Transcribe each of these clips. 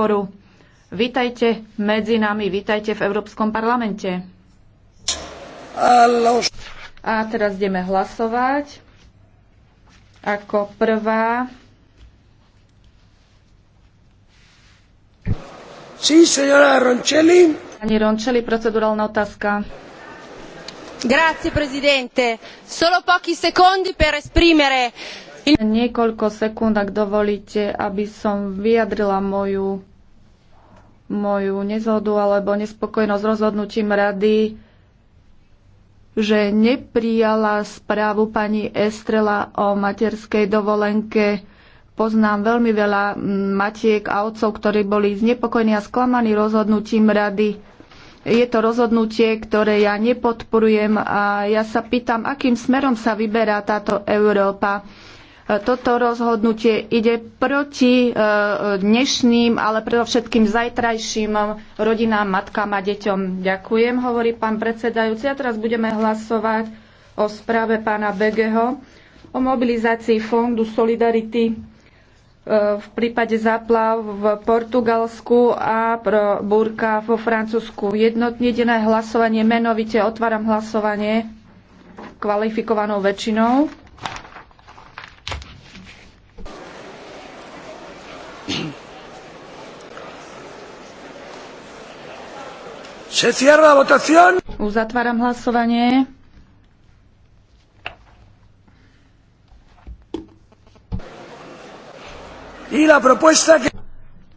podporu. Vítajte medzi nami, vítajte v Európskom parlamente. A teraz ideme hlasovať. Ako prvá Sí, señora Roncelli. Pani Roncelli, procedurálna otázka. Grazie, presidente. Solo pochi secondi per esprimere Niekoľko sekúnd, ak dovolíte, aby som vyjadrila moju moju nezhodu alebo nespokojnosť rozhodnutím rady, že neprijala správu pani Estrela o materskej dovolenke. Poznám veľmi veľa matiek a otcov, ktorí boli znepokojení a sklamaní rozhodnutím rady. Je to rozhodnutie, ktoré ja nepodporujem a ja sa pýtam, akým smerom sa vyberá táto Európa E, toto rozhodnutie ide proti e, dnešným, ale predovšetkým zajtrajším rodinám, matkám a deťom. Ďakujem, hovorí pán predsedajúci. A teraz budeme hlasovať o správe pána Begeho o mobilizácii Fondu Solidarity e, v prípade záplav v Portugalsku a pro búrka vo Francúzsku. Jednotnedené hlasovanie menovite. Otváram hlasovanie kvalifikovanou väčšinou. Uzatváram hlasovanie.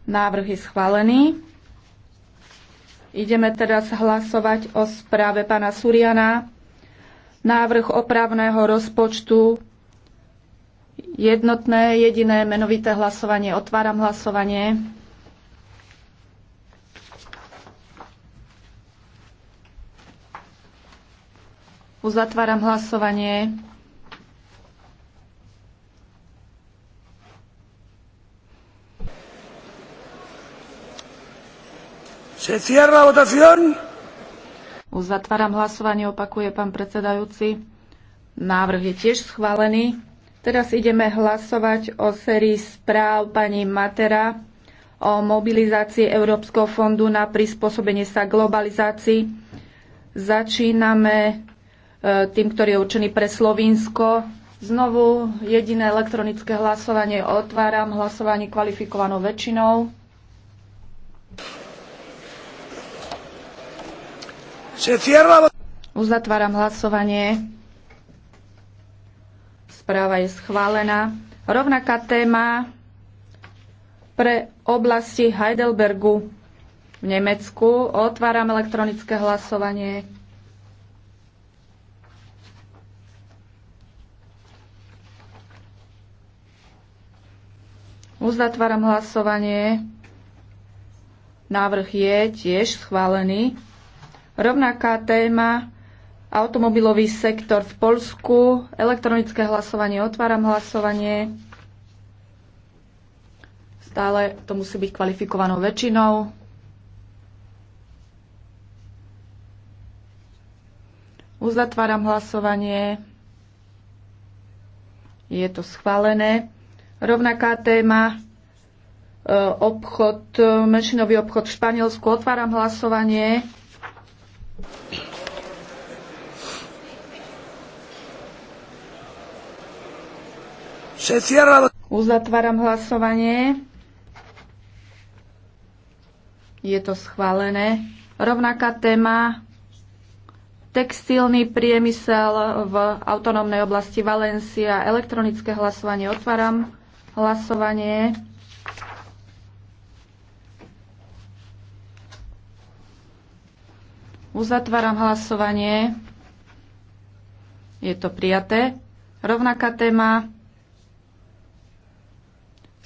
Návrh je schválený. Ideme teraz hlasovať o správe pána Suriana. Návrh opravného rozpočtu Jednotné, jediné, menovité hlasovanie. Otváram hlasovanie. Uzatváram hlasovanie. Se cierra votación. Uzatváram hlasovanie, opakuje pán predsedajúci. Návrh je tiež schválený. Teraz ideme hlasovať o sérii správ pani Matera o mobilizácii Európskeho fondu na prispôsobenie sa globalizácii. Začíname e, tým, ktorý je určený pre Slovinsko. Znovu jediné elektronické hlasovanie otváram, hlasovanie kvalifikovanou väčšinou. Uzatváram hlasovanie. Správa je schválená. Rovnaká téma pre oblasti Heidelbergu v Nemecku. Otváram elektronické hlasovanie. Uzatváram hlasovanie. Návrh je tiež schválený. Rovnaká téma automobilový sektor v Polsku. Elektronické hlasovanie, otváram hlasovanie. Stále to musí byť kvalifikovanou väčšinou. Uzatváram hlasovanie. Je to schválené. Rovnaká téma e, obchod, e, menšinový obchod v Španielsku. Otváram hlasovanie. Uzatváram hlasovanie. Je to schválené. Rovnaká téma textilný priemysel v autonómnej oblasti Valencia. Elektronické hlasovanie. Otváram hlasovanie. Uzatváram hlasovanie. Je to prijaté. Rovnaká téma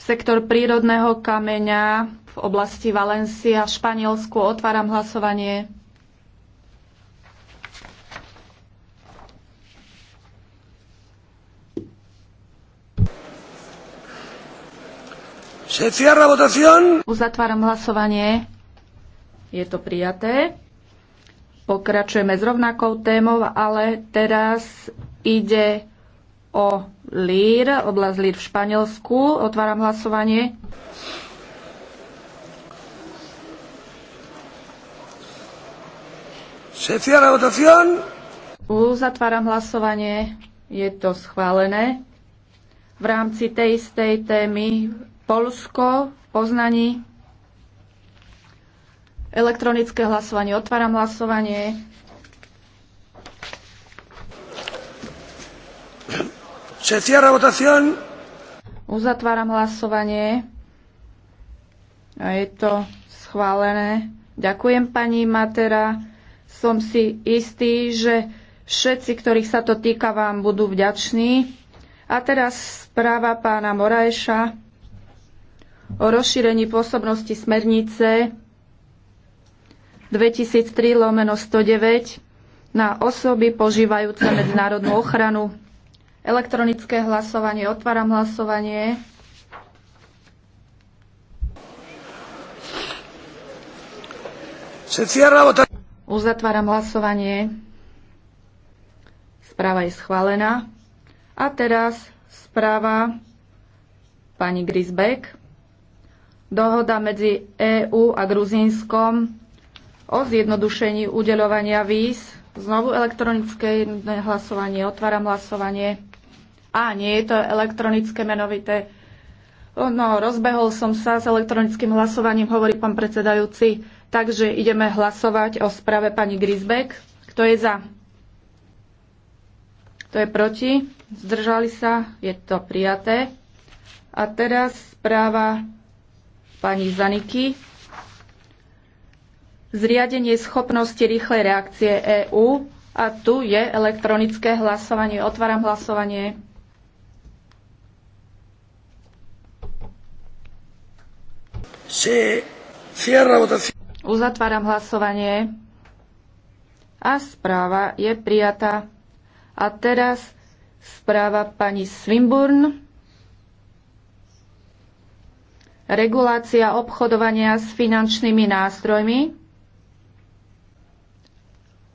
sektor prírodného kameňa v oblasti Valencia v Španielsku. Otváram hlasovanie. Uzatváram hlasovanie. Je to prijaté. Pokračujeme s rovnakou témou, ale teraz ide o Lír, oblasť Lír v Španielsku. Otváram hlasovanie. Uzatváram hlasovanie. Je to schválené. V rámci tej istej témy Polsko v Poznaní. Elektronické hlasovanie. Otváram hlasovanie. Uzatváram hlasovanie. A je to schválené. Ďakujem pani Matera. Som si istý, že všetci, ktorých sa to týka, vám budú vďační. A teraz správa pána Moraeša o rozšírení pôsobnosti smernice 2003 lomeno 109 na osoby požívajúce medzinárodnú ochranu. Elektronické hlasovanie. Otváram hlasovanie. Uzatváram hlasovanie. Správa je schválená. A teraz správa pani Grisbeck. Dohoda medzi EÚ a Gruzínskom o zjednodušení udeľovania víz. Znovu elektronické hlasovanie. Otváram hlasovanie. A nie je to elektronické menovité. No, rozbehol som sa s elektronickým hlasovaním, hovorí pán predsedajúci. Takže ideme hlasovať o správe pani Grisbeck. Kto je za? Kto je proti? Zdržali sa? Je to prijaté. A teraz správa pani Zaniky. Zriadenie schopnosti rýchlej reakcie EÚ. A tu je elektronické hlasovanie. Otváram hlasovanie. Uzatváram hlasovanie a správa je prijatá. A teraz správa pani Swinburne. Regulácia obchodovania s finančnými nástrojmi.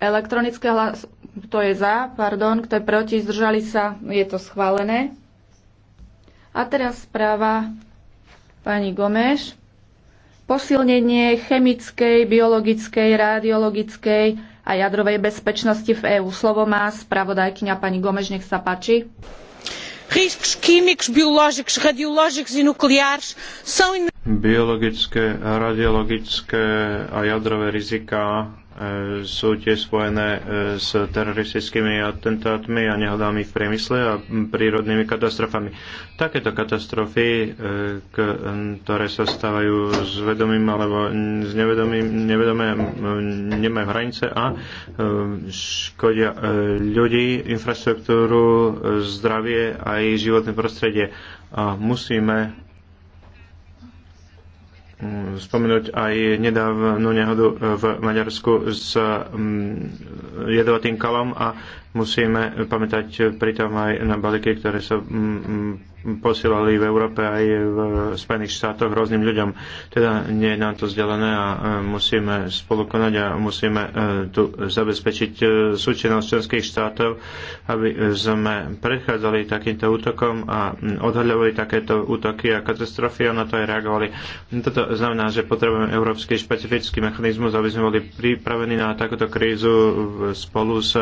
Elektronické hlas... To je za, pardon, kto je proti, zdržali sa, je to schválené. A teraz správa pani Gomeš posilnenie chemickej, biologickej, radiologickej a jadrovej bezpečnosti v EÚ. Slovo má spravodajkyňa pani Gomež, nech sa páči. Riskos químicos, biológicos, radiológicos e nucleares são biologické, radiologické a jadrové rizika e, sú tiež spojené e, s teroristickými atentátmi a nehodami v priemysle a prírodnými katastrofami. Takéto katastrofy, e, ktoré sa stávajú s vedomým alebo s nevedomým, nevedomé, nemajú hranice a škodia ľudí, infraštruktúru, zdravie a aj životné prostredie. A musíme spomenúť aj nedávnu nehodu v Maďarsku s mm, jedovatým kalom a musíme pamätať pritom aj na baliky, ktoré sa mm, mm, posielali v Európe aj v Spojených štátoch rôznym ľuďom. Teda nie je nám to vzdelené e, a musíme spolukonať a musíme tu zabezpečiť e, súčinnosť členských štátov, aby sme predchádzali takýmto útokom a odhľadovali takéto útoky a katastrofy a na to aj reagovali. Toto znamená, že potrebujeme európsky špecifický mechanizmus, aby sme boli pripravení na takúto krízu spolu s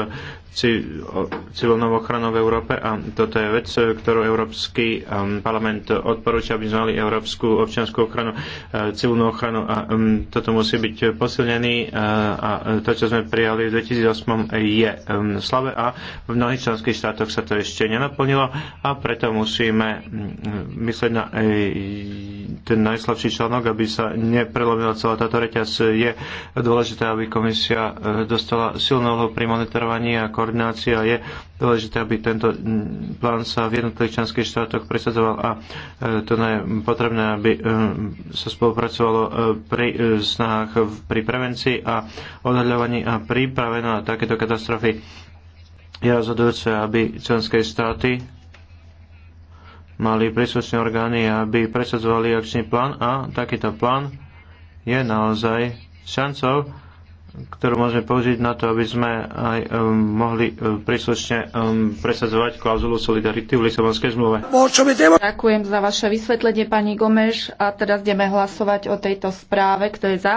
civilnou ochranou v Európe a toto je vec, ktorú Európsky um, parlament odporúča, aby sme mali Európsku občianskú ochranu, uh, civilnú ochranu a um, toto musí byť posilnený uh, a uh, to, čo sme prijali v 2008 je um, slabé a v mnohých členských štátoch sa to ešte nenaplnilo a preto musíme mm, mm, myslieť na e, ten najslabší článok, aby sa neprelomila celá táto reťaz. Je dôležité, aby komisia e, dostala silnú úlohu pri monitorovaní a koordinácii a je dôležité, aby tento plán sa v jednotlivých členských štátoch presadzoval a e, to je potrebné, aby e, sa spolupracovalo pri snahách pri prevencii a odhľadovaní a príprave na takéto katastrofy. Je rozhodujúce, aby členské štáty mali príslušné orgány, aby presadzovali akčný plán a takýto plán je naozaj šancou, ktorú môžeme použiť na to, aby sme aj um, mohli um, príslušne um, presadzovať klauzulu solidarity v Lisabonskej zmluve. Ďakujem za vaše vysvetlenie, pani Gomeš. A teraz ideme hlasovať o tejto správe. Kto je za?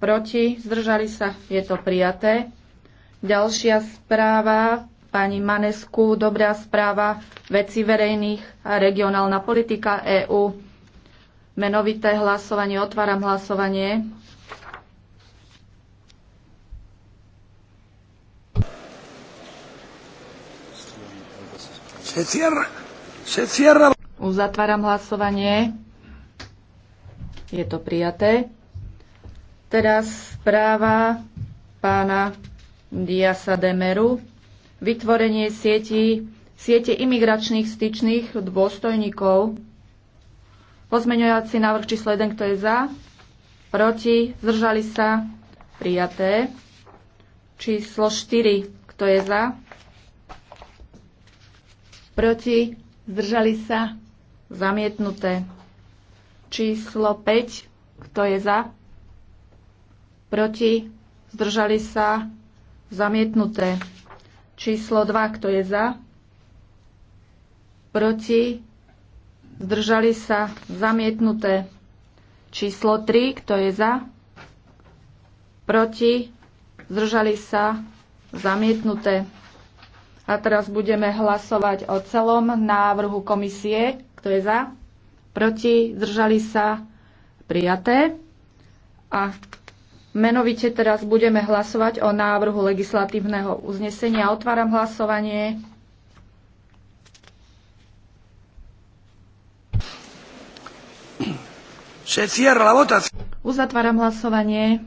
Proti? Zdržali sa? Je to prijaté. Ďalšia správa pani Manesku, dobrá správa, veci verejných a regionálna politika EÚ. Menovité hlasovanie, otváram hlasovanie. Se cierra, se cierra. Uzatváram hlasovanie. Je to prijaté. Teraz správa pána Diasa Demeru vytvorenie sieti, siete imigračných styčných dôstojníkov. Pozmeňovací návrh číslo 1, kto je za, proti, zdržali sa, prijaté. Číslo 4, kto je za, proti, zdržali sa, zamietnuté. Číslo 5, kto je za, proti, zdržali sa, zamietnuté. Číslo 2, kto je za? Proti? Zdržali sa? Zamietnuté. Číslo 3, kto je za? Proti? Zdržali sa? Zamietnuté. A teraz budeme hlasovať o celom návrhu komisie. Kto je za? Proti? Zdržali sa? Prijaté. A Menovite teraz budeme hlasovať o návrhu legislatívneho uznesenia. Otváram hlasovanie. Uzatváram hlasovanie.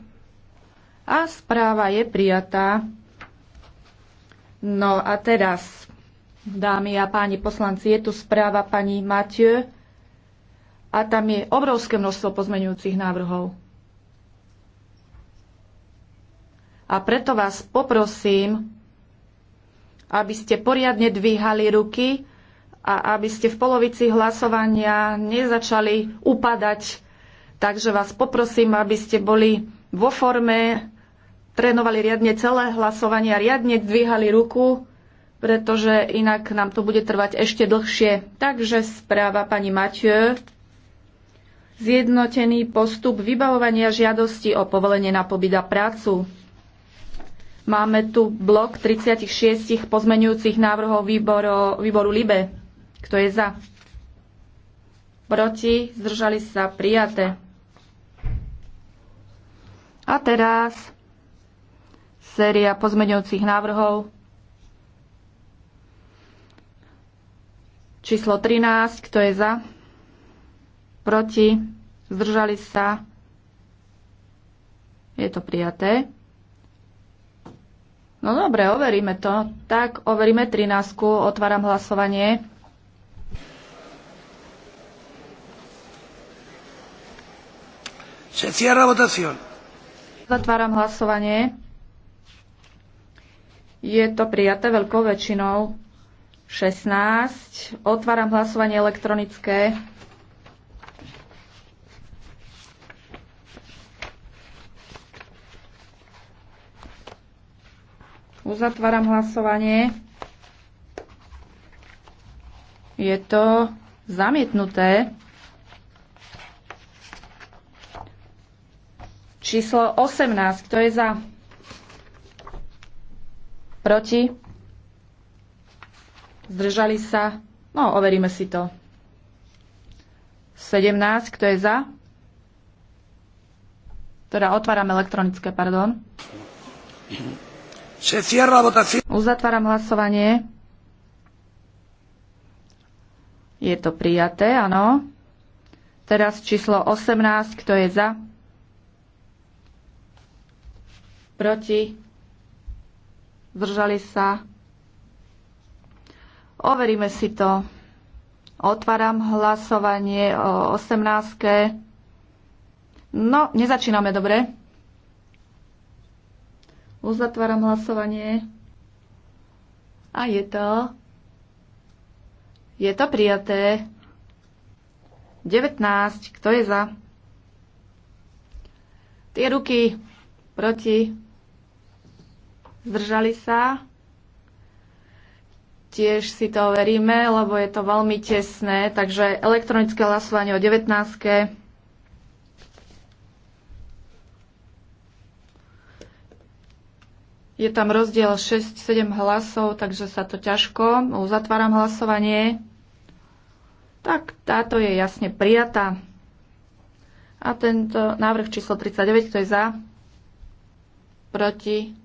A správa je prijatá. No a teraz, dámy a páni poslanci, je tu správa pani Mathieu a tam je obrovské množstvo pozmenujúcich návrhov. A preto vás poprosím, aby ste poriadne dvíhali ruky a aby ste v polovici hlasovania nezačali upadať. Takže vás poprosím, aby ste boli vo forme, trénovali riadne celé hlasovanie a riadne dvíhali ruku, pretože inak nám to bude trvať ešte dlhšie. Takže správa pani Mathieu. Zjednotený postup vybavovania žiadosti o povolenie na pobyt a prácu. Máme tu blok 36 pozmenujúcich návrhov výboru, výboru LIBE. Kto je za? Proti? Zdržali sa? Prijaté. A teraz séria pozmeňujúcich návrhov. Číslo 13. Kto je za? Proti? Zdržali sa? Je to prijaté. No dobre, overíme to. Tak, overíme 13. Otváram hlasovanie. Se cierra votación. Zatváram hlasovanie. Je to prijaté veľkou väčšinou. 16. Otváram hlasovanie elektronické. Uzatváram hlasovanie. Je to zamietnuté. Číslo 18. Kto je za? Proti? Zdržali sa? No, overíme si to. 17. Kto je za? Teda otváram elektronické, pardon. Uzatváram hlasovanie. Je to prijaté, áno. Teraz číslo 18, kto je za? Proti? Zdržali sa? Overíme si to. Otváram hlasovanie o 18. No, nezačíname dobre. Uzatváram hlasovanie. A je to... Je to prijaté. 19. Kto je za? Tie ruky proti. Zdržali sa. Tiež si to overíme, lebo je to veľmi tesné. Takže elektronické hlasovanie o 19. Je tam rozdiel 6-7 hlasov, takže sa to ťažko. Uzatváram hlasovanie. Tak táto je jasne prijatá. A tento návrh číslo 39, kto je za? Proti?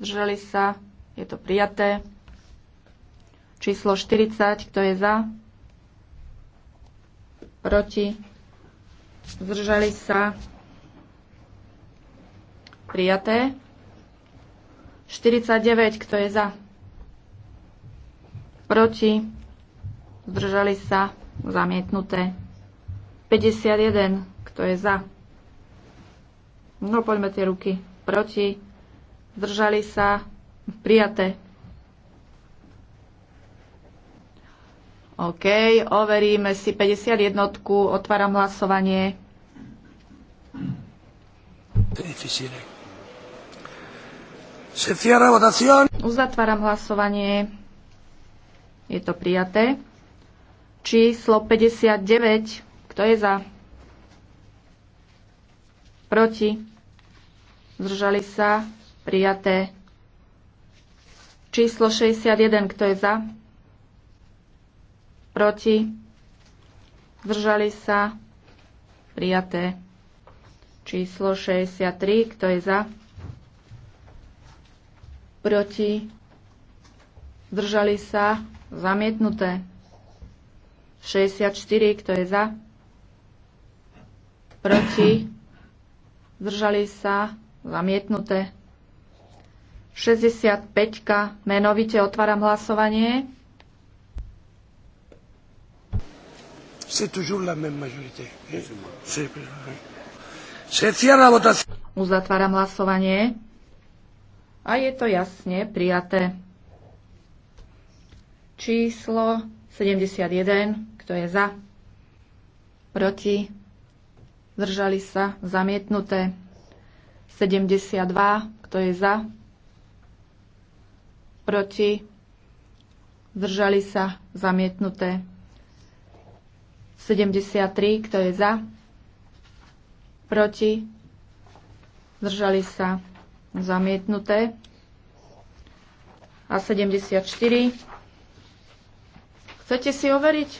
Zdržali sa? Je to prijaté. Číslo 40, kto je za? Proti? Zdržali sa? Prijaté. 49, kto je za? Proti? Zdržali sa? Zamietnuté. 51, kto je za? No poďme tie ruky. Proti? Zdržali sa? Prijaté. OK, overíme si 51. Otváram hlasovanie. 51. Uzatváram hlasovanie. Je to prijaté. Číslo 59. Kto je za? Proti? Zdržali sa? Prijaté. Číslo 61. Kto je za? Proti? Zdržali sa? Prijaté. Číslo 63. Kto je za? proti, zdržali sa, zamietnuté. 64, kto je za, proti, zdržali sa, zamietnuté. 65, menovite otváram hlasovanie. Uzatváram hlasovanie a je to jasne prijaté. Číslo 71, kto je za, proti, zdržali sa, zamietnuté. 72, kto je za, proti, zdržali sa, zamietnuté. 73, kto je za, proti, zdržali sa, zamietnuté. A 74. Chcete si overiť?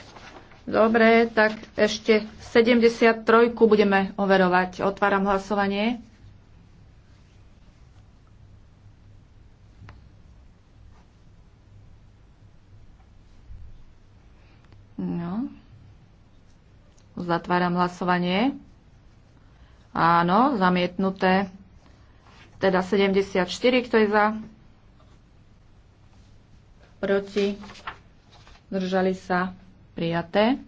Dobre, tak ešte 73 budeme overovať. Otváram hlasovanie. No. Zatváram hlasovanie. Áno, zamietnuté. Teda 74, kto je za? Proti? držali sa? Prijaté.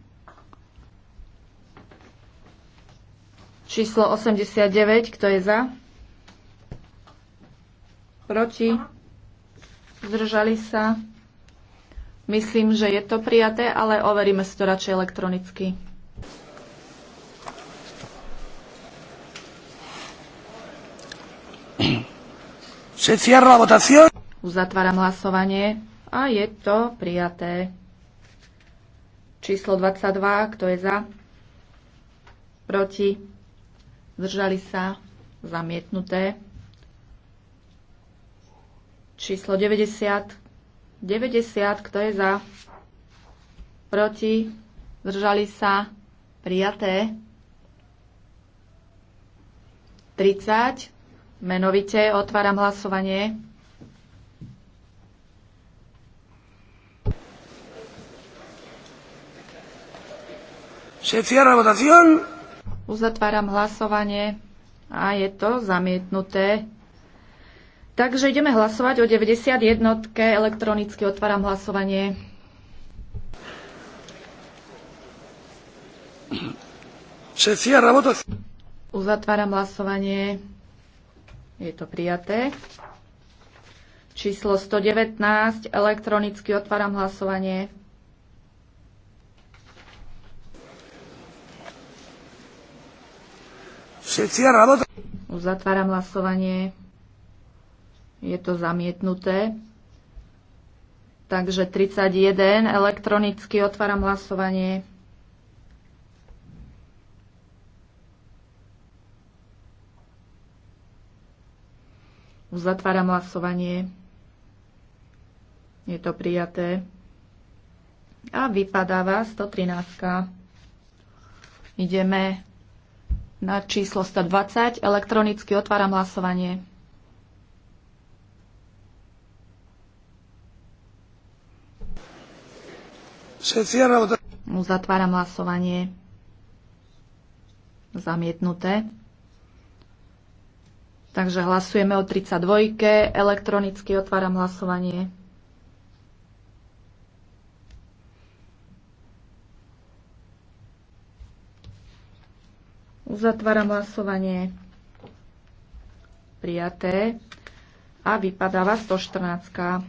Číslo 89, kto je za? Proti? Zdržali sa? Myslím, že je to prijaté, ale overíme si to radšej elektronicky. Se cierra la votación. Uzatváram hlasovanie a je to prijaté. Číslo 22, kto je za? Proti? Zdržali sa? Zamietnuté. Číslo 90. 90, kto je za? Proti? Zdržali sa? Prijaté. 30. Menovite otváram hlasovanie. Uzatváram hlasovanie a je to zamietnuté. Takže ideme hlasovať o 90 jednotke. Elektronicky otváram hlasovanie. Uzatváram hlasovanie. Je to prijaté. Číslo 119. Elektronicky otváram hlasovanie. Uzatváram hlasovanie. Je to zamietnuté. Takže 31. Elektronicky otváram hlasovanie. Uzatváram hlasovanie. Je to prijaté. A vypadáva 113. Ideme na číslo 120. Elektronicky otváram hlasovanie. Uzatváram hlasovanie. Zamietnuté. Takže hlasujeme o 32. Elektronicky otváram hlasovanie. Uzatváram hlasovanie. Prijaté. A vypadáva 114.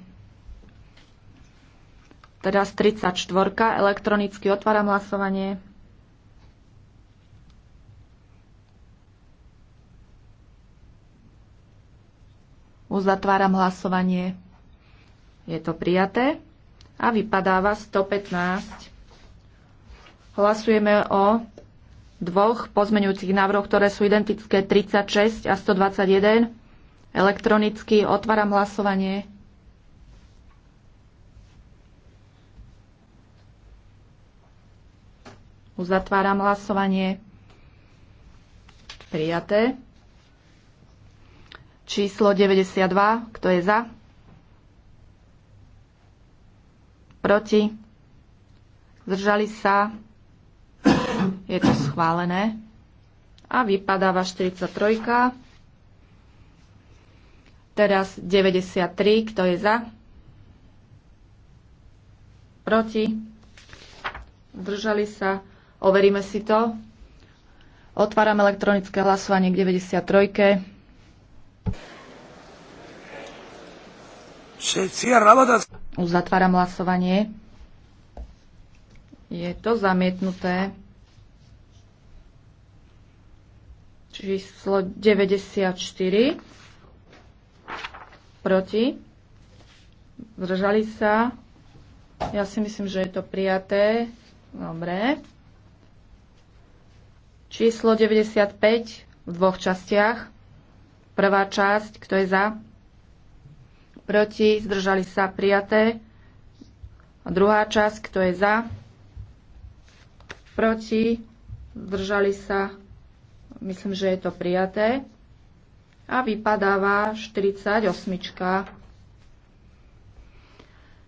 Teraz 34. Elektronicky otváram hlasovanie. Uzatváram hlasovanie. Je to prijaté. A vypadáva 115. Hlasujeme o dvoch pozmeňujúcich návrhoch, ktoré sú identické 36 a 121. Elektronicky otváram hlasovanie. Uzatváram hlasovanie. Prijaté číslo 92. Kto je za? Proti? Zdržali sa? Je to schválené. A vypadáva 43. Teraz 93. Kto je za? Proti? Zdržali sa? Overíme si to. Otváram elektronické hlasovanie k 93. Uzatváram hlasovanie. Je to zamietnuté. Číslo 94. Proti. Zdržali sa. Ja si myslím, že je to prijaté. Dobre. Číslo 95 v dvoch častiach. Prvá časť, kto je za? proti, zdržali sa prijaté. A druhá časť, kto je za, proti, zdržali sa, myslím, že je to prijaté. A vypadáva 48.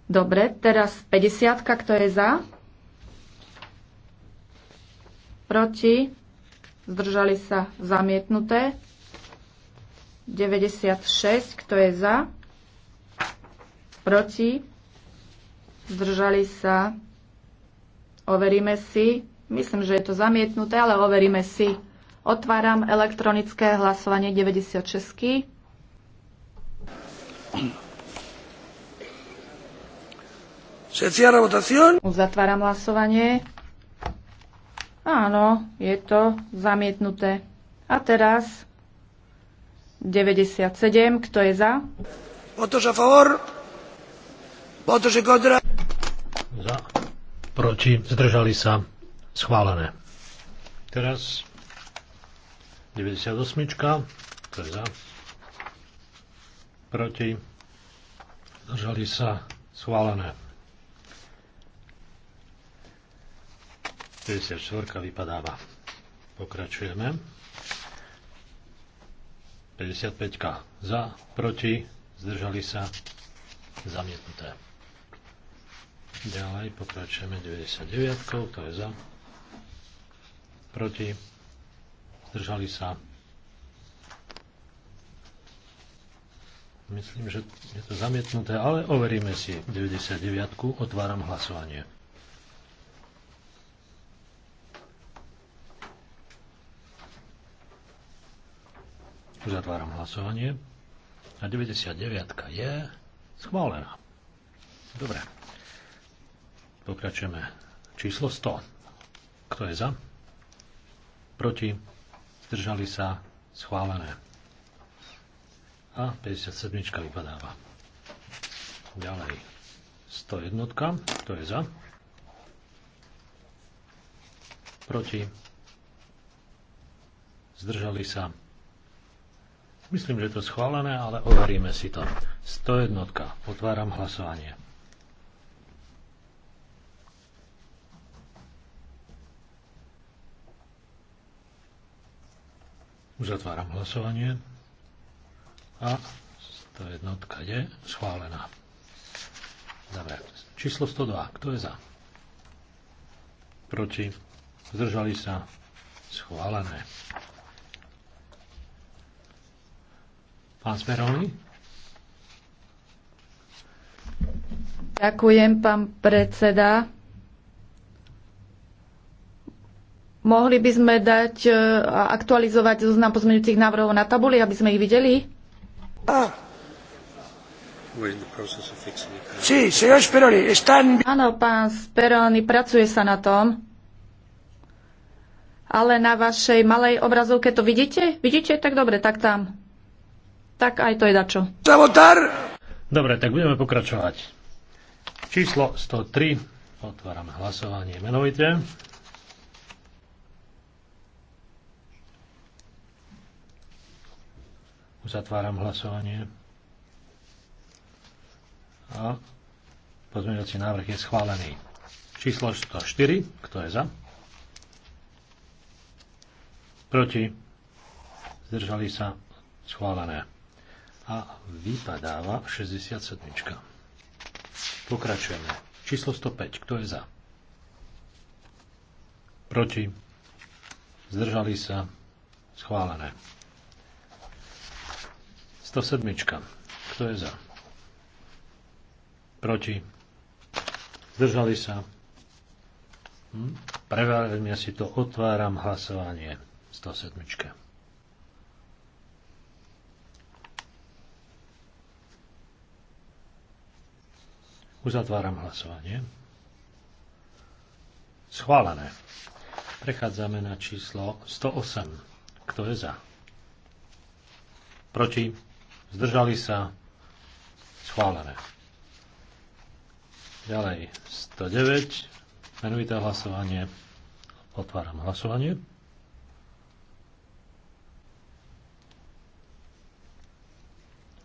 Dobre, teraz 50, kto je za? Proti, zdržali sa zamietnuté. 96, kto je za? proti, zdržali sa, overíme si, myslím, že je to zamietnuté, ale overíme si. Otváram elektronické hlasovanie 96. Se cierra votación. Uzatváram hlasovanie. Áno, je to zamietnuté. A teraz 97, kto je za? a favor. Za, proti, zdržali sa, schválené. Teraz 98, to je za, proti, zdržali sa, schválené. 54 vypadáva. Pokračujeme. 55 za, proti, zdržali sa, zamietnuté. Ďalej pokračujeme 99, to je za, proti, zdržali sa. Myslím, že je to zamietnuté, ale overíme si 99. Otváram hlasovanie. Uzatváram hlasovanie. A 99 je schválená. Dobre. Pokračujeme. Číslo 100. Kto je za? Proti? Zdržali sa? Schválené. A 57. vypadáva. Ďalej. 101. Kto je za? Proti? Zdržali sa? Myslím, že je to schválené, ale overíme si to. 101. Otváram hlasovanie. Uzatváram hlasovanie. A tá jednotka je schválená. Dobre. Číslo 102. Kto je za? Proti? Zdržali sa? Schválené. Pán Smerolný? Ďakujem, pán predseda. Mohli by sme dať e, a aktualizovať zoznam pozmeňujúcich návrhov na tabuli, aby sme ich videli? Ah. están... Áno, pán Speroni, pracuje sa na tom. Ale na vašej malej obrazovke to vidíte? Vidíte? Tak dobre, tak tam. Tak aj to je dačo. Dobre, tak budeme pokračovať. Číslo 103. Otváram hlasovanie menovite. Uzatváram hlasovanie. A pozmeňovací návrh je schválený. Číslo 104, kto je za? Proti? Zdržali sa schválené. A vypadáva 67. Pokračujeme. Číslo 105, kto je za? Proti? Zdržali sa schválené. 107. Kto je za? Proti? Zdržali sa? Hm? ja si to. Otváram hlasovanie. 107. Uzatváram hlasovanie. Schválené. Prechádzame na číslo 108. Kto je za? Proti? Zdržali sa? Schválené. Ďalej 109. Menovité hlasovanie. Otváram hlasovanie.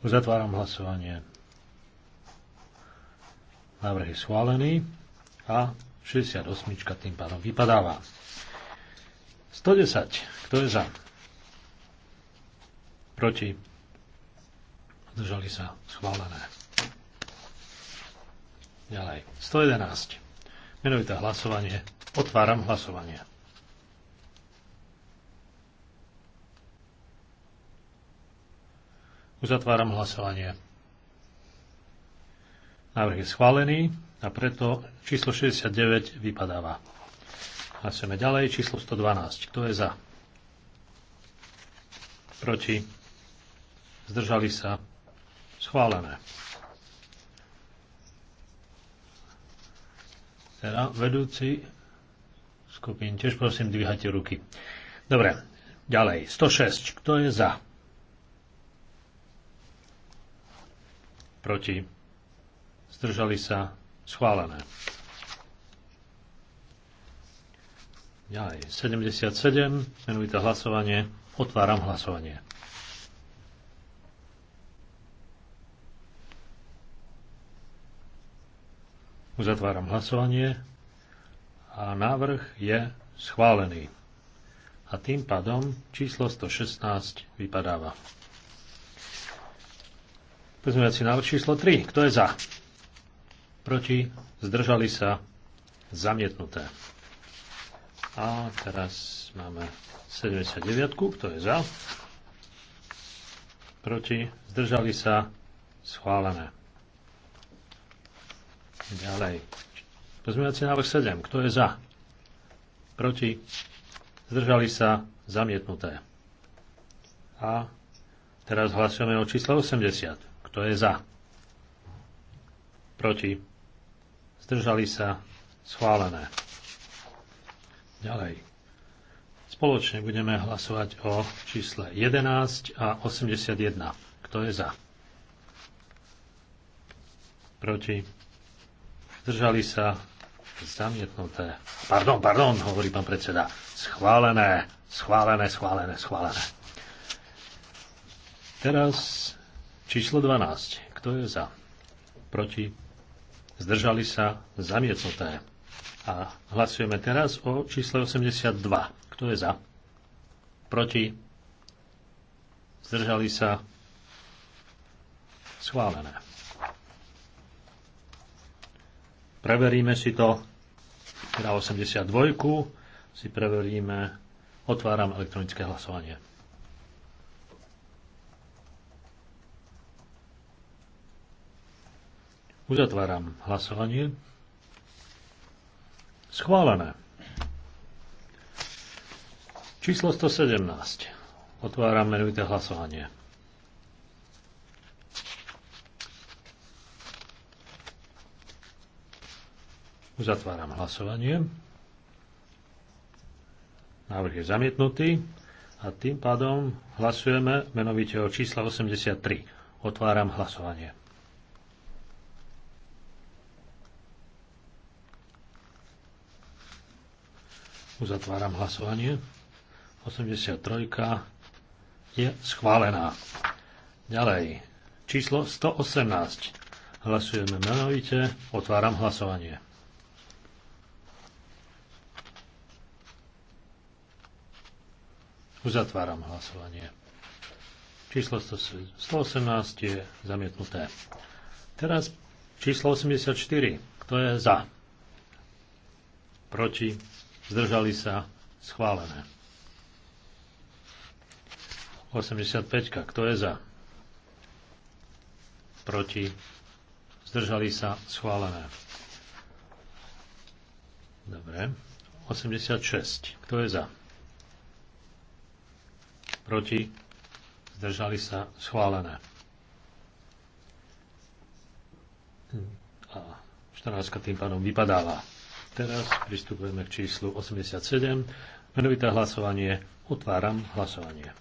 Uzatváram hlasovanie. Návrh je schválený a 68 tým pádom vypadáva. 110. Kto je za? Proti? zdržali sa schválené. Ďalej. 111. Menovité hlasovanie. Otváram hlasovanie. Uzatváram hlasovanie. Návrh je schválený a preto číslo 69 vypadáva. Hlasujeme ďalej. Číslo 112. Kto je za? Proti? Zdržali sa? Schválené. Teda vedúci skupín, tiež prosím, dvíhate ruky. Dobre, ďalej. 106. Kto je za? Proti. Zdržali sa. Schválené. Ďalej. 77. Menovité hlasovanie. Otváram hlasovanie. Uzatváram hlasovanie a návrh je schválený. A tým pádom číslo 116 vypadáva. si návrh číslo 3. Kto je za? Proti? Zdržali sa? Zamietnuté. A teraz máme 79. Kto je za? Proti? Zdržali sa? Schválené. Ďalej. Pozmeňovací návrh 7. Kto je za? Proti? Zdržali sa? Zamietnuté. A teraz hlasujeme o čísle 80. Kto je za? Proti? Zdržali sa? Schválené. Ďalej. Spoločne budeme hlasovať o čísle 11 a 81. Kto je za? Proti? zdržali sa, zamietnuté. Pardon, pardon, hovorí pán predseda. Schválené, schválené, schválené, schválené. Teraz číslo 12. Kto je za? Proti? Zdržali sa? Zamietnuté. A hlasujeme teraz o čísle 82. Kto je za? Proti? Zdržali sa? Schválené. Preveríme si to. Teda 82 si preveríme. Otváram elektronické hlasovanie. Uzatváram hlasovanie. Schválené. Číslo 117. Otváram menovité hlasovanie. Uzatváram hlasovanie. Návrh je zamietnutý a tým pádom hlasujeme menovite o čísla 83. Otváram hlasovanie. Uzatváram hlasovanie. 83 je schválená. Ďalej. Číslo 118. Hlasujeme menovite. Otváram hlasovanie. Uzatváram hlasovanie. Číslo 118 je zamietnuté. Teraz číslo 84. Kto je za? Proti? Zdržali sa? Schválené. 85. Kto je za? Proti? Zdržali sa? Schválené. Dobre. 86. Kto je za? proti, zdržali sa schválené. A 14 tým pádom vypadáva. Teraz pristupujeme k číslu 87. Menovité hlasovanie. Otváram hlasovanie.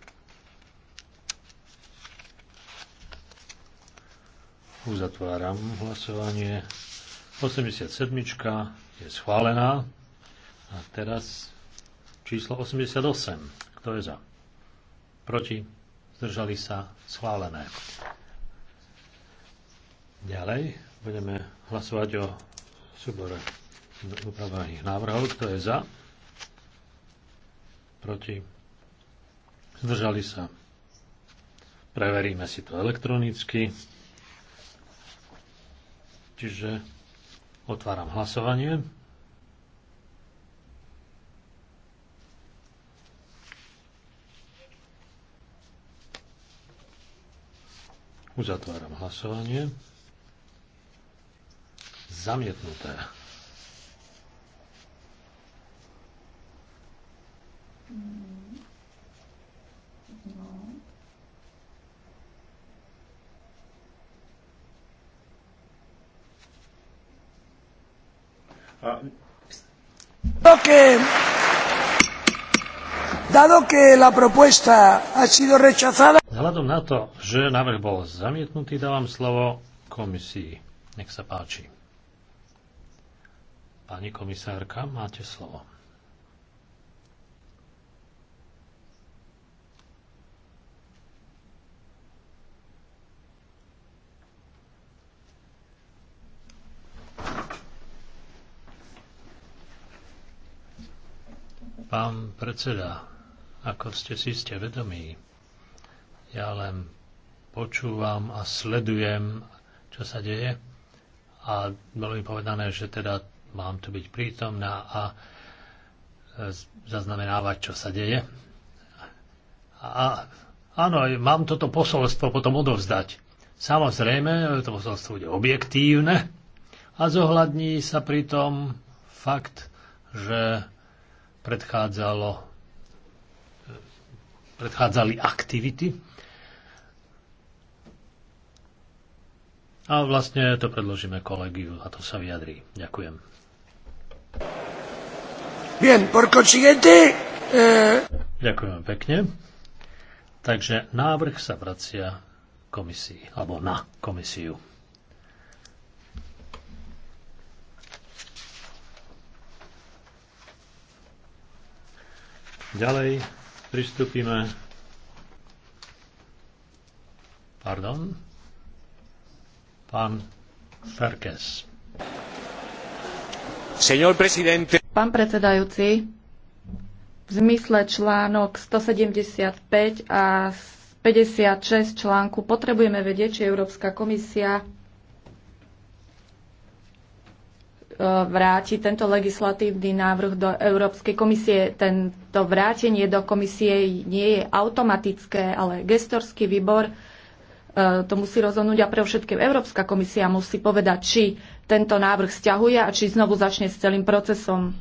Uzatváram hlasovanie. 87. je schválená. A teraz číslo 88. Kto je za? proti, zdržali sa, schválené. Ďalej budeme hlasovať o súbore upravených návrhov. Kto je za? Proti? Zdržali sa? Preveríme si to elektronicky. Čiže otváram hlasovanie. Uzatváram hlasovanie. Zamietnuté. No. A... Dado que la propuesta ha sido rechazada, Vzhľadom na to, že návrh bol zamietnutý, dávam slovo komisii. Nech sa páči. Pani komisárka, máte slovo. Pán predseda, ako ste si ste vedomí, ja len počúvam a sledujem, čo sa deje. A bolo mi povedané, že teda mám tu byť prítomná a e, zaznamenávať, čo sa deje. A áno, mám toto posolstvo potom odovzdať. Samozrejme, to posolstvo bude objektívne a zohľadní sa pritom fakt, že predchádzalo, predchádzali aktivity A vlastne to predložíme kolegiu a to sa vyjadrí. Ďakujem. Bien, por consiguiente... Eh, Ďakujem pekne. Takže návrh sa vracia komisii, alebo na komisiu. Ďalej pristúpime... Pardon, pán predsedajúci, v zmysle článok 175 a 56 článku potrebujeme vedieť, či Európska komisia e, vráti tento legislatívny návrh do Európskej komisie. Tento vrátenie do komisie nie je automatické, ale gestorský výbor E, to musí rozhodnúť a pre všetkým Európska komisia musí povedať, či tento návrh stiahuje a či znovu začne s celým procesom.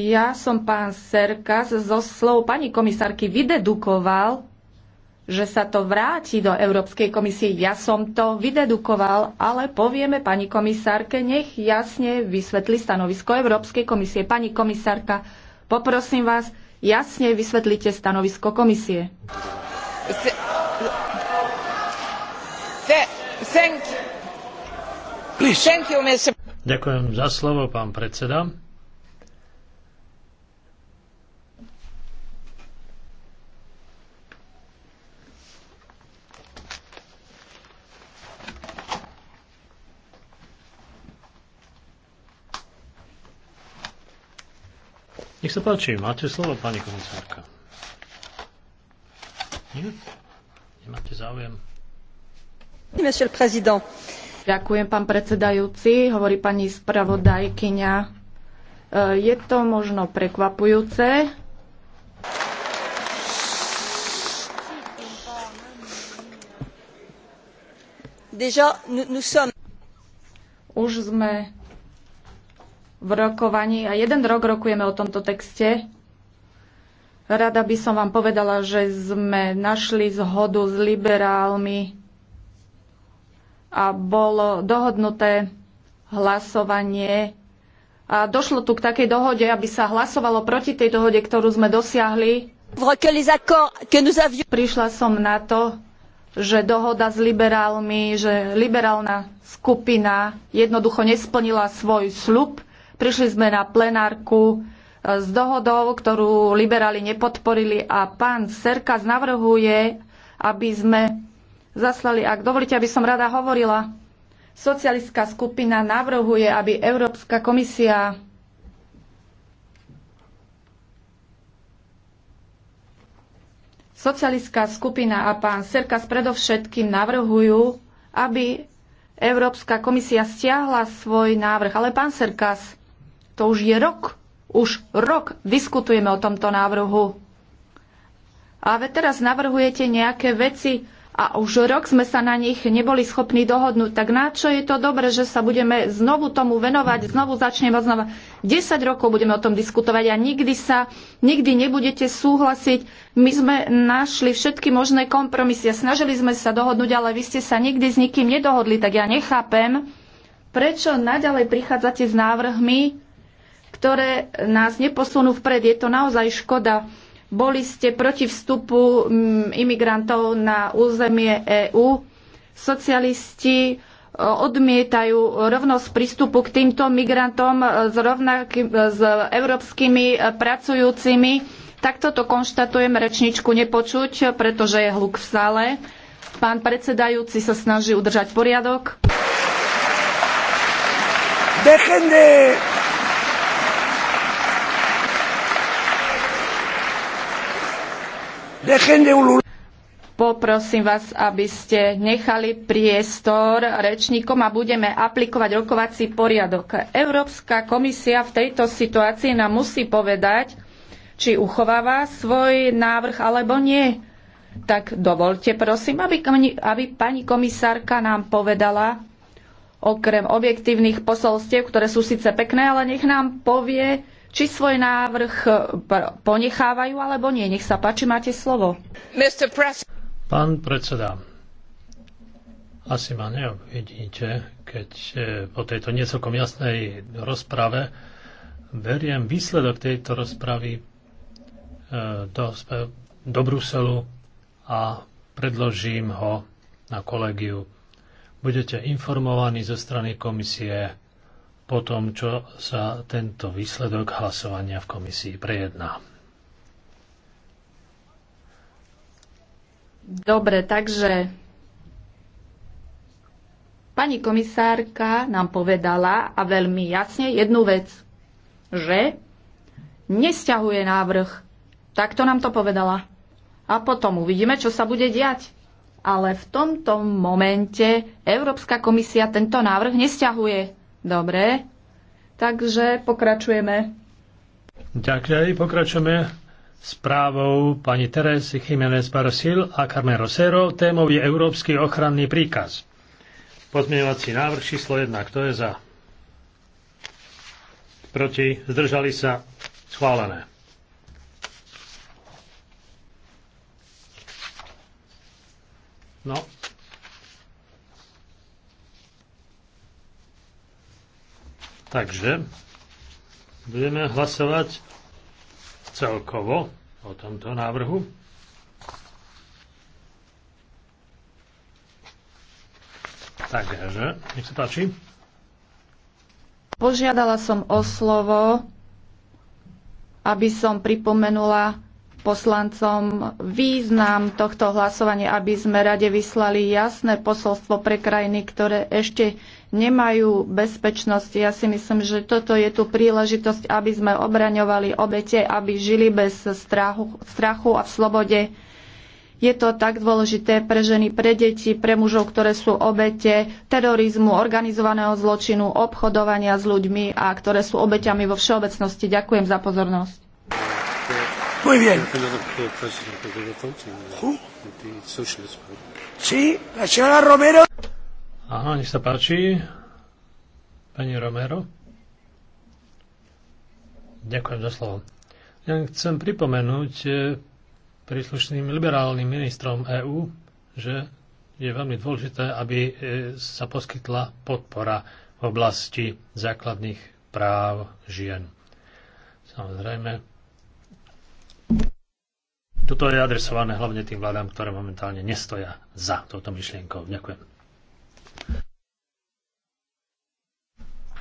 Ja som pán Serkas zo slov pani komisárky vydedukoval, že sa to vráti do Európskej komisie. Ja som to vydedukoval, ale povieme pani komisárke, nech jasne vysvetli stanovisko Európskej komisie. Pani komisárka, poprosím vás, jasne vysvetlíte stanovisko komisie. Ďakujem za slovo, pán predseda. Nech sa páči, máte slovo, pani komisárka. Nie? Nemáte záujem? Monsieur le Président. Ďakujem, pán predsedajúci, hovorí pani spravodajkyňa. E, je to možno prekvapujúce, Už sme v rokovaní a jeden rok rokujeme o tomto texte. Rada by som vám povedala, že sme našli zhodu s liberálmi a bolo dohodnuté hlasovanie a došlo tu k takej dohode, aby sa hlasovalo proti tej dohode, ktorú sme dosiahli. Prišla som na to, že dohoda s liberálmi, že liberálna skupina jednoducho nesplnila svoj slub Prišli sme na plenárku e, s dohodou, ktorú liberáli nepodporili a pán Serkas navrhuje, aby sme zaslali, ak dovolíte, aby som rada hovorila, socialistická skupina navrhuje, aby Európska komisia Socialistická skupina a pán Serkas predovšetkým navrhujú, aby Európska komisia stiahla svoj návrh. Ale pán Serkas, to už je rok. Už rok diskutujeme o tomto návrhu. A vy teraz navrhujete nejaké veci a už rok sme sa na nich neboli schopní dohodnúť. Tak na čo je to dobré, že sa budeme znovu tomu venovať, znovu začneme znova. 10 rokov budeme o tom diskutovať a nikdy sa, nikdy nebudete súhlasiť. My sme našli všetky možné kompromisy a snažili sme sa dohodnúť, ale vy ste sa nikdy s nikým nedohodli, tak ja nechápem, prečo naďalej prichádzate s návrhmi, ktoré nás neposunú vpred. Je to naozaj škoda. Boli ste proti vstupu mm, imigrantov na územie EÚ. Socialisti e, odmietajú rovnosť prístupu k týmto migrantom e, s, rovnaký, e, s európskymi pracujúcimi. Takto to konštatujem, rečničku nepočuť, pretože je hluk v sále. Pán predsedajúci sa snaží udržať poriadok. Dejen Poprosím vás, aby ste nechali priestor rečníkom a budeme aplikovať rokovací poriadok. Európska komisia v tejto situácii nám musí povedať, či uchováva svoj návrh alebo nie. Tak dovolte prosím, aby, aby pani komisárka nám povedala, okrem objektívnych posolstiev, ktoré sú síce pekné, ale nech nám povie, či svoj návrh eh, ponechávajú alebo nie. Nech sa páči, máte slovo. Pán predseda, asi ma neobvidíte, keď eh, po tejto niecelkom jasnej rozprave beriem výsledok tejto rozpravy eh, do, do Bruselu a predložím ho na kolegiu. Budete informovaní zo strany komisie po tom, čo sa tento výsledok hlasovania v komisii prejedná. Dobre, takže pani komisárka nám povedala a veľmi jasne jednu vec, že nesťahuje návrh. Takto nám to povedala. A potom uvidíme, čo sa bude diať. Ale v tomto momente Európska komisia tento návrh nesťahuje. Dobre, takže pokračujeme. Ďakujem, pokračujeme správou pani Teresy Jiménez Barosil a Carmen Rosero. Témou je Európsky ochranný príkaz. Pozmeňovací návrh číslo 1. Kto je za? Proti? Zdržali sa? Schválené. No, Takže budeme hlasovať celkovo o tomto návrhu. Takže, nech sa páči. Požiadala som o slovo, aby som pripomenula poslancom význam tohto hlasovania, aby sme rade vyslali jasné posolstvo pre krajiny, ktoré ešte nemajú bezpečnosť. Ja si myslím, že toto je tu príležitosť, aby sme obraňovali obete, aby žili bez strachu, strachu a v slobode. Je to tak dôležité pre ženy, pre deti, pre mužov, ktoré sú obete terorizmu, organizovaného zločinu, obchodovania s ľuďmi a ktoré sú obeťami vo všeobecnosti. Ďakujem za pozornosť. Muy bien. ¿no? Sí, la señora Romero. Ajá, nech sa páči. Pani Romero. Ďakujem za slovo. Ja chcem pripomenúť eh, príslušným liberálnym ministrom EÚ, že je veľmi dôležité, aby eh, sa poskytla podpora v oblasti základných práv žien. Samozrejme, toto je adresované hlavne tým vládám, ktoré momentálne nestoja za touto myšlienkou. Ďakujem.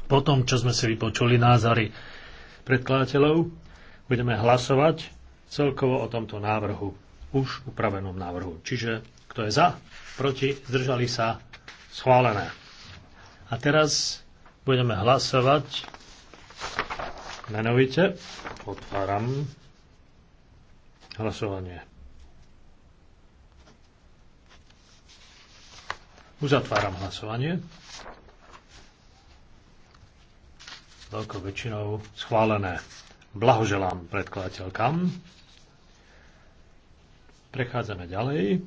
Po tom, čo sme si vypočuli názory predkladateľov, budeme hlasovať celkovo o tomto návrhu, už upravenom návrhu. Čiže kto je za, proti, zdržali sa, schválené. A teraz budeme hlasovať menovite. Otváram hlasovanie. Uzatváram hlasovanie. Veľkou väčšinou schválené. Blahoželám predkladateľkám. Prechádzame ďalej.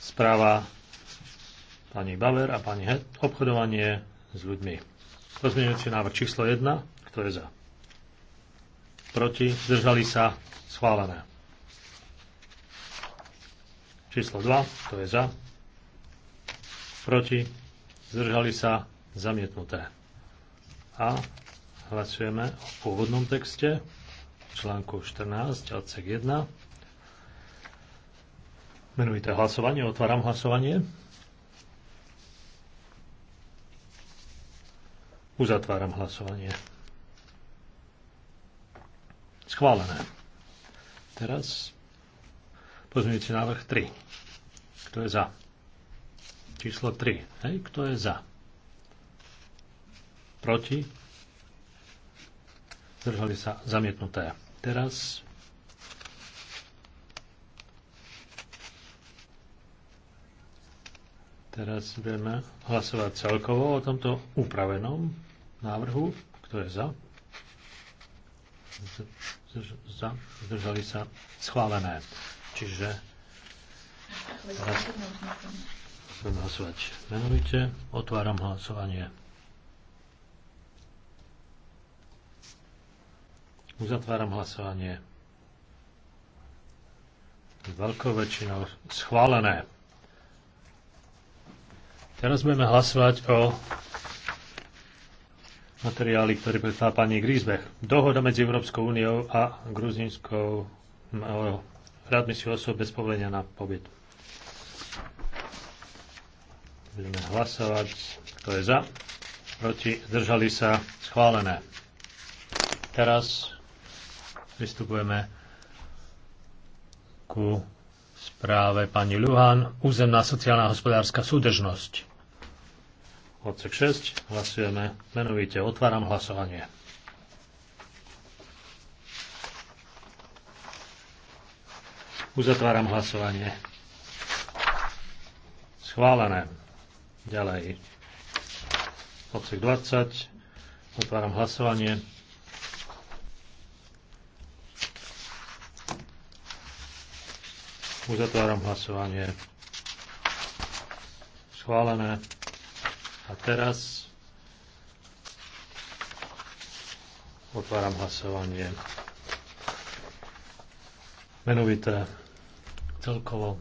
Správa pani Baver a pani Het, obchodovanie s ľuďmi. Pozmeňujúci návrh číslo 1. Kto je za? proti, zdržali sa, schválené. Číslo 2, to je za, proti, zdržali sa, zamietnuté. A hlasujeme o pôvodnom texte článku 14, odsek 1. Menujte hlasovanie, otváram hlasovanie. Uzatváram hlasovanie. Schválené. Teraz pozmeňujúci návrh 3. Kto je za? Číslo 3. Hej, kto je za? Proti? Zdržali sa zamietnuté. Teraz Teraz budeme hlasovať celkovo o tomto upravenom návrhu. Kto je za? za, zdržali sa schválené. Čiže teraz hlasovať menovite. Otváram hlasovanie. Uzatváram hlasovanie. Veľkou väčšinou schválené. Teraz budeme hlasovať o materiály, ktoré predstavila pani Grisbech. Dohoda medzi Európskou úniou a gruzinskou eh, si osob bez povolenia na pobyt. Budeme hlasovať. Kto je za. Proti. Zdržali sa. Schválené. Teraz pristupujeme ku správe pani Luhan. Územná sociálna a hospodárska súdržnosť odsek 6. Hlasujeme menovite. Otváram hlasovanie. Uzatváram hlasovanie. Schválené. Ďalej. Odsek 20. Otváram hlasovanie. Uzatváram hlasovanie. Schválené. A teraz otváram hlasovanie. Menovité celkovo.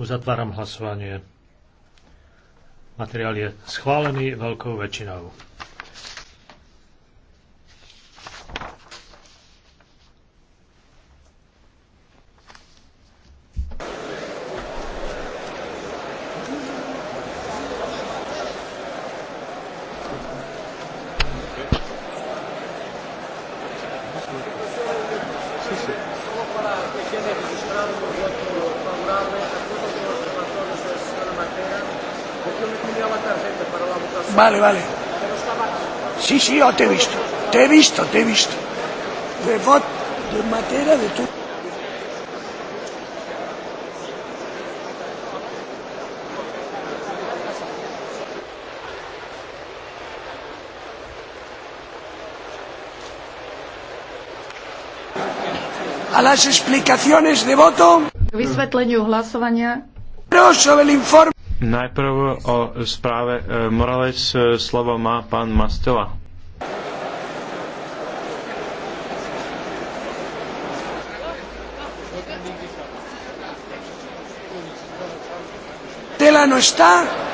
Uzatváram hlasovanie. Materiál je schválený veľkou väčšinou. vale, vale. Sí, sí, yo te he visto. Te he visto, te he visto. De bot, de materia, de tu... A las explicaciones de voto. Vysvetleniu hlasovania. Prosím, el informe. Najprv o správe e, Morales e, slovo má pán Mastela. Tela no está,